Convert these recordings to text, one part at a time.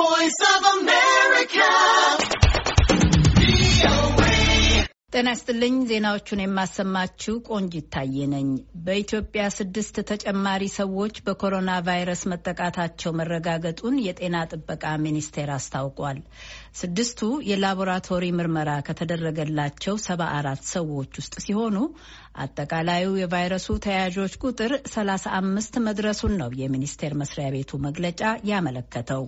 voice of America. ጤና ይስጥልኝ። ዜናዎቹን የማሰማችው ቆንጅ ታዬ ነኝ። በኢትዮጵያ ስድስት ተጨማሪ ሰዎች በኮሮና ቫይረስ መጠቃታቸው መረጋገጡን የጤና ጥበቃ ሚኒስቴር አስታውቋል። ስድስቱ የላቦራቶሪ ምርመራ ከተደረገላቸው ሰባ አራት ሰዎች ውስጥ ሲሆኑ አጠቃላዩ የቫይረሱ ተያያዦች ቁጥር ሰላሳ አምስት መድረሱን ነው የሚኒስቴር መስሪያ ቤቱ መግለጫ ያመለከተው።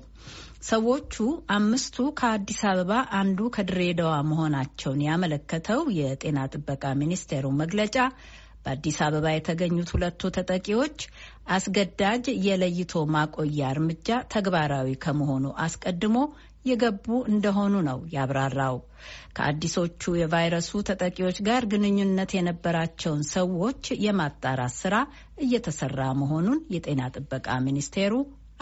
ሰዎቹ አምስቱ ከአዲስ አበባ አንዱ ከድሬዳዋ መሆናቸውን ያመለከተው የጤና ጥበቃ ሚኒስቴሩ መግለጫ በአዲስ አበባ የተገኙት ሁለቱ ተጠቂዎች አስገዳጅ የለይቶ ማቆያ እርምጃ ተግባራዊ ከመሆኑ አስቀድሞ የገቡ እንደሆኑ ነው ያብራራው። ከአዲሶቹ የቫይረሱ ተጠቂዎች ጋር ግንኙነት የነበራቸውን ሰዎች የማጣራት ስራ እየተሰራ መሆኑን የጤና ጥበቃ ሚኒስቴሩ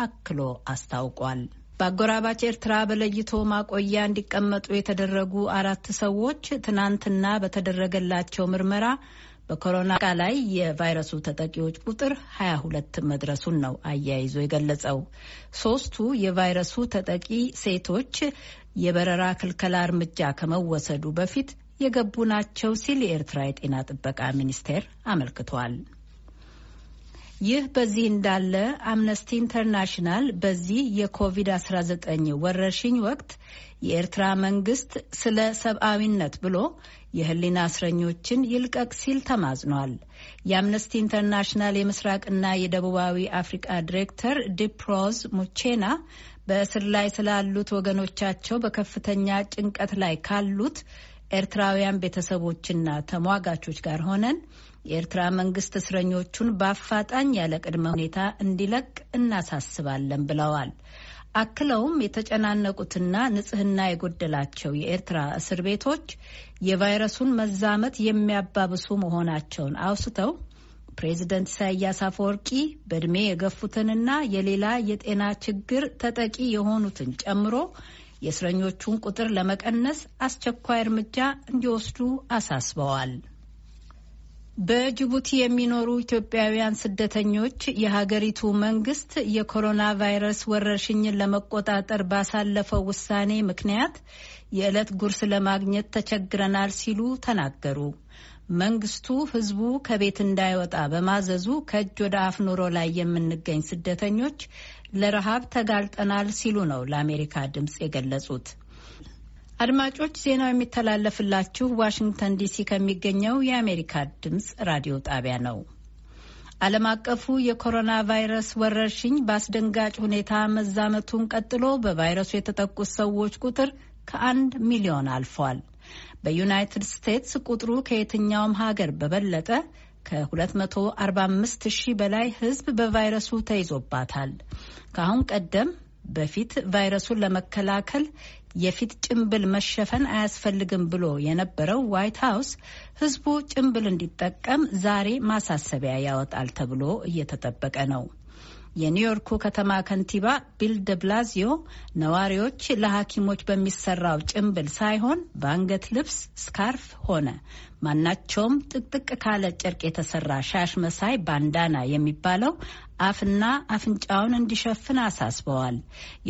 አክሎ አስታውቋል። በአጎራባች ኤርትራ በለይቶ ማቆያ እንዲቀመጡ የተደረጉ አራት ሰዎች ትናንትና በተደረገላቸው ምርመራ በኮሮና ላይ የቫይረሱ ተጠቂዎች ቁጥር 22 መድረሱን ነው አያይዞ የገለጸው። ሶስቱ የቫይረሱ ተጠቂ ሴቶች የበረራ ክልከላ እርምጃ ከመወሰዱ በፊት የገቡ ናቸው ሲል የኤርትራ የጤና ጥበቃ ሚኒስቴር አመልክቷል። ይህ በዚህ እንዳለ አምነስቲ ኢንተርናሽናል በዚህ የኮቪድ-19 ወረርሽኝ ወቅት የኤርትራ መንግስት ስለ ሰብአዊነት ብሎ የህሊና እስረኞችን ይልቀቅ ሲል ተማጽኗል። የአምነስቲ ኢንተርናሽናል የምስራቅና የደቡባዊ አፍሪቃ ዲሬክተር ዲፕሮዝ ሙቼና በእስር ላይ ስላሉት ወገኖቻቸው በከፍተኛ ጭንቀት ላይ ካሉት ኤርትራውያን ቤተሰቦችና ተሟጋቾች ጋር ሆነን የኤርትራ መንግስት እስረኞቹን በአፋጣኝ ያለ ቅድመ ሁኔታ እንዲለቅ እናሳስባለን ብለዋል። አክለውም የተጨናነቁትና ንጽህና የጎደላቸው የኤርትራ እስር ቤቶች የቫይረሱን መዛመት የሚያባብሱ መሆናቸውን አውስተው ፕሬዚደንት ኢሳያስ አፈወርቂ በእድሜ የገፉትንና የሌላ የጤና ችግር ተጠቂ የሆኑትን ጨምሮ የእስረኞቹን ቁጥር ለመቀነስ አስቸኳይ እርምጃ እንዲወስዱ አሳስበዋል። በጅቡቲ የሚኖሩ ኢትዮጵያውያን ስደተኞች የሀገሪቱ መንግስት የኮሮና ቫይረስ ወረርሽኝን ለመቆጣጠር ባሳለፈው ውሳኔ ምክንያት የዕለት ጉርስ ለማግኘት ተቸግረናል ሲሉ ተናገሩ። መንግስቱ ህዝቡ ከቤት እንዳይወጣ በማዘዙ ከእጅ ወደ አፍ ኑሮ ላይ የምንገኝ ስደተኞች ለረሃብ ተጋልጠናል ሲሉ ነው ለአሜሪካ ድምፅ የገለጹት። አድማጮች ዜናው የሚተላለፍላችሁ ዋሽንግተን ዲሲ ከሚገኘው የአሜሪካ ድምፅ ራዲዮ ጣቢያ ነው። ዓለም አቀፉ የኮሮና ቫይረስ ወረርሽኝ በአስደንጋጭ ሁኔታ መዛመቱን ቀጥሎ በቫይረሱ የተጠቁት ሰዎች ቁጥር ከአንድ ሚሊዮን አልፏል። በዩናይትድ ስቴትስ ቁጥሩ ከየትኛውም ሀገር በበለጠ ከ245 ሺህ በላይ ሕዝብ በቫይረሱ ተይዞባታል። ከአሁን ቀደም በፊት ቫይረሱን ለመከላከል የፊት ጭንብል መሸፈን አያስፈልግም ብሎ የነበረው ዋይት ሀውስ ህዝቡ ጭንብል እንዲጠቀም ዛሬ ማሳሰቢያ ያወጣል ተብሎ እየተጠበቀ ነው። የኒውዮርኩ ከተማ ከንቲባ ቢል ደ ብላዚዮ ነዋሪዎች ለሐኪሞች በሚሰራው ጭንብል ሳይሆን በአንገት ልብስ ስካርፍ ሆነ ማናቸውም ጥቅጥቅ ካለ ጨርቅ የተሰራ ሻሽ መሳይ ባንዳና የሚባለው አፍና አፍንጫውን እንዲሸፍን አሳስበዋል።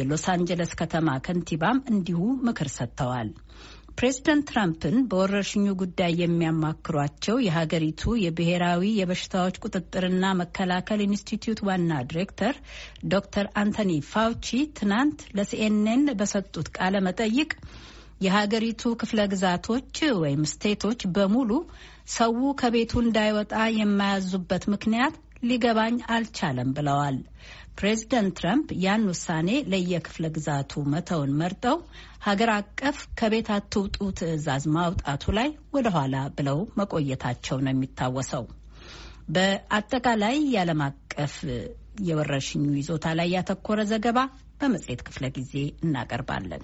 የሎስ አንጀለስ ከተማ ከንቲባም እንዲሁ ምክር ሰጥተዋል። ፕሬዝደንት ትራምፕን በወረርሽኙ ጉዳይ የሚያማክሯቸው የሀገሪቱ የብሔራዊ የበሽታዎች ቁጥጥርና መከላከል ኢንስቲትዩት ዋና ዲሬክተር ዶክተር አንቶኒ ፋውቺ ትናንት ለሲኤንኤን በሰጡት ቃለ መጠይቅ የሀገሪቱ ክፍለ ግዛቶች ወይም ስቴቶች በሙሉ ሰው ከቤቱ እንዳይወጣ የማያዙበት ምክንያት ሊገባኝ አልቻለም ብለዋል። ፕሬዚደንት ትራምፕ ያን ውሳኔ ለየክፍለ ግዛቱ መተውን መርጠው ሀገር አቀፍ ከቤት አትውጡ ትዕዛዝ ማውጣቱ ላይ ወደኋላ ብለው መቆየታቸው ነው የሚታወሰው። በአጠቃላይ የዓለም አቀፍ የወረርሽኙ ይዞታ ላይ ያተኮረ ዘገባ በመጽሔት ክፍለ ጊዜ እናቀርባለን።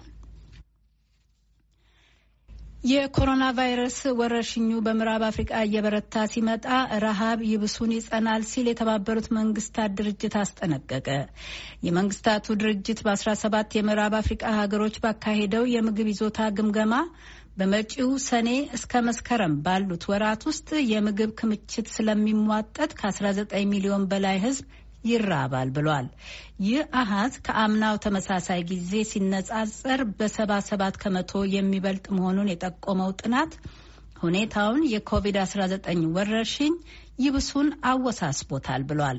የኮሮና ቫይረስ ወረርሽኙ በምዕራብ አፍሪቃ እየበረታ ሲመጣ ረሃብ ይብሱን ይጸናል ሲል የተባበሩት መንግስታት ድርጅት አስጠነቀቀ። የመንግስታቱ ድርጅት በ17 የምዕራብ አፍሪቃ ሀገሮች ባካሄደው የምግብ ይዞታ ግምገማ በመጪው ሰኔ እስከ መስከረም ባሉት ወራት ውስጥ የምግብ ክምችት ስለሚሟጠት ከ19 ሚሊዮን በላይ ህዝብ። ይራባል ብሏል። ይህ አሃዝ ከአምናው ተመሳሳይ ጊዜ ሲነጻጸር በሰባ ሰባት ከመቶ የሚበልጥ መሆኑን የጠቆመው ጥናት ሁኔታውን የኮቪድ-19 ወረርሽኝ ይብሱን አወሳስቦታል ብሏል።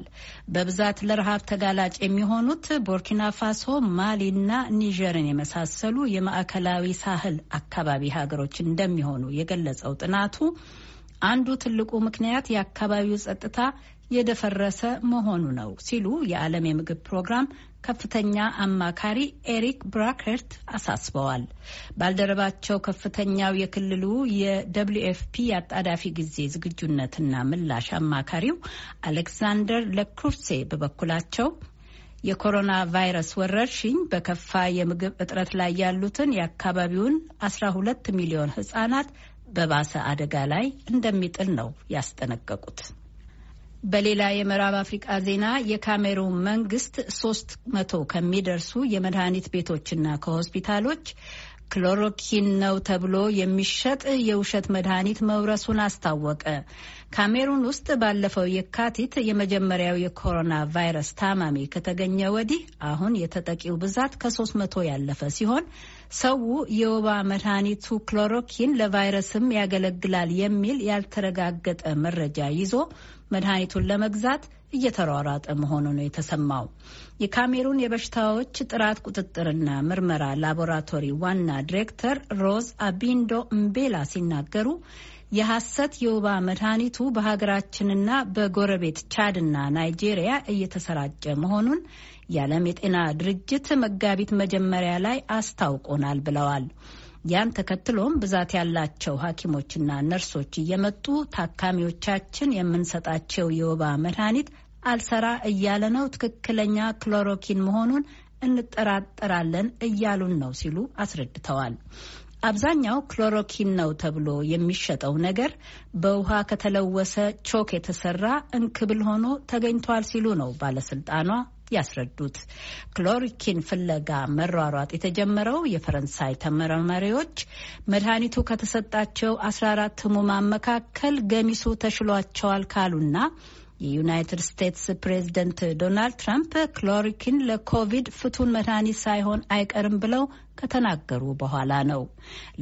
በብዛት ለረሃብ ተጋላጭ የሚሆኑት ቦርኪና ፋሶ፣ ማሊ እና ኒጀርን የመሳሰሉ የማዕከላዊ ሳህል አካባቢ ሀገሮች እንደሚሆኑ የገለጸው ጥናቱ አንዱ ትልቁ ምክንያት የአካባቢው ጸጥታ የደፈረሰ መሆኑ ነው ሲሉ የዓለም የምግብ ፕሮግራም ከፍተኛ አማካሪ ኤሪክ ብራከርት አሳስበዋል። ባልደረባቸው ከፍተኛው የክልሉ የደብሊዩ ኤፍፒ የአጣዳፊ ጊዜ ዝግጁነትና ምላሽ አማካሪው አሌክሳንደር ለኩርሴ በበኩላቸው የኮሮና ቫይረስ ወረርሽኝ በከፋ የምግብ እጥረት ላይ ያሉትን የአካባቢውን 12 ሚሊዮን ህጻናት በባሰ አደጋ ላይ እንደሚጥል ነው ያስጠነቀቁት። በሌላ የምዕራብ አፍሪቃ ዜና የካሜሩን መንግስት ሶስት መቶ ከሚደርሱ የመድኃኒት ቤቶችና ከሆስፒታሎች ክሎሮኪን ነው ተብሎ የሚሸጥ የውሸት መድኃኒት መውረሱን አስታወቀ። ካሜሩን ውስጥ ባለፈው የካቲት የመጀመሪያው የኮሮና ቫይረስ ታማሚ ከተገኘ ወዲህ አሁን የተጠቂው ብዛት ከሶስት መቶ ያለፈ ሲሆን ሰው የወባ መድኃኒቱ ክሎሮኪን ለቫይረስም ያገለግላል የሚል ያልተረጋገጠ መረጃ ይዞ መድኃኒቱን ለመግዛት እየተሯሯጠ መሆኑ ነው የተሰማው። የካሜሩን የበሽታዎች ጥራት ቁጥጥርና ምርመራ ላቦራቶሪ ዋና ዲሬክተር ሮዝ አቢንዶ እምቤላ ሲናገሩ የሐሰት የወባ መድኃኒቱ በሀገራችንና በጎረቤት ቻድና ናይጄሪያ እየተሰራጨ መሆኑን የዓለም የጤና ድርጅት መጋቢት መጀመሪያ ላይ አስታውቆናል ብለዋል። ያን ተከትሎም ብዛት ያላቸው ሐኪሞችና ነርሶች እየመጡ ታካሚዎቻችን የምንሰጣቸው የወባ መድኃኒት አልሰራ እያለ ነው፣ ትክክለኛ ክሎሮኪን መሆኑን እንጠራጠራለን እያሉን ነው ሲሉ አስረድተዋል። አብዛኛው ክሎሮኪን ነው ተብሎ የሚሸጠው ነገር በውሃ ከተለወሰ ቾክ የተሰራ እንክብል ሆኖ ተገኝቷል ሲሉ ነው ባለስልጣኗ ያስረዱት። ክሎሪኪን ፍለጋ መሯሯጥ የተጀመረው የፈረንሳይ ተመራማሪዎች መድኃኒቱ ከተሰጣቸው 14 ህሙማን መካከል ገሚሱ ተሽሏቸዋል ካሉና የዩናይትድ ስቴትስ ፕሬዝደንት ዶናልድ ትራምፕ ክሎሪኪን ለኮቪድ ፍቱን መድኃኒት ሳይሆን አይቀርም ብለው ከተናገሩ በኋላ ነው።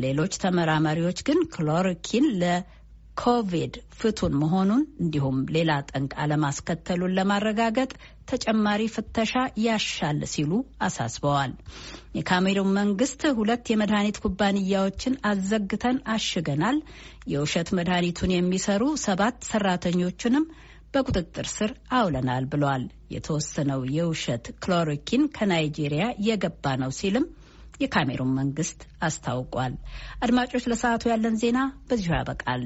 ሌሎች ተመራማሪዎች ግን ክሎሪኪን ለኮቪድ ፍቱን መሆኑን እንዲሁም ሌላ ጠንቅ አለማስከተሉን ለማረጋገጥ ተጨማሪ ፍተሻ ያሻል ሲሉ አሳስበዋል። የካሜሩን መንግስት ሁለት የመድኃኒት ኩባንያዎችን አዘግተን አሽገናል፣ የውሸት መድኃኒቱን የሚሰሩ ሰባት ሰራተኞችንም በቁጥጥር ስር አውለናል ብሏል። የተወሰነው የውሸት ክሎሮኪን ከናይጄሪያ የገባ ነው ሲልም የካሜሩን መንግስት አስታውቋል። አድማጮች፣ ለሰዓቱ ያለን ዜና በዚሁ ያበቃል።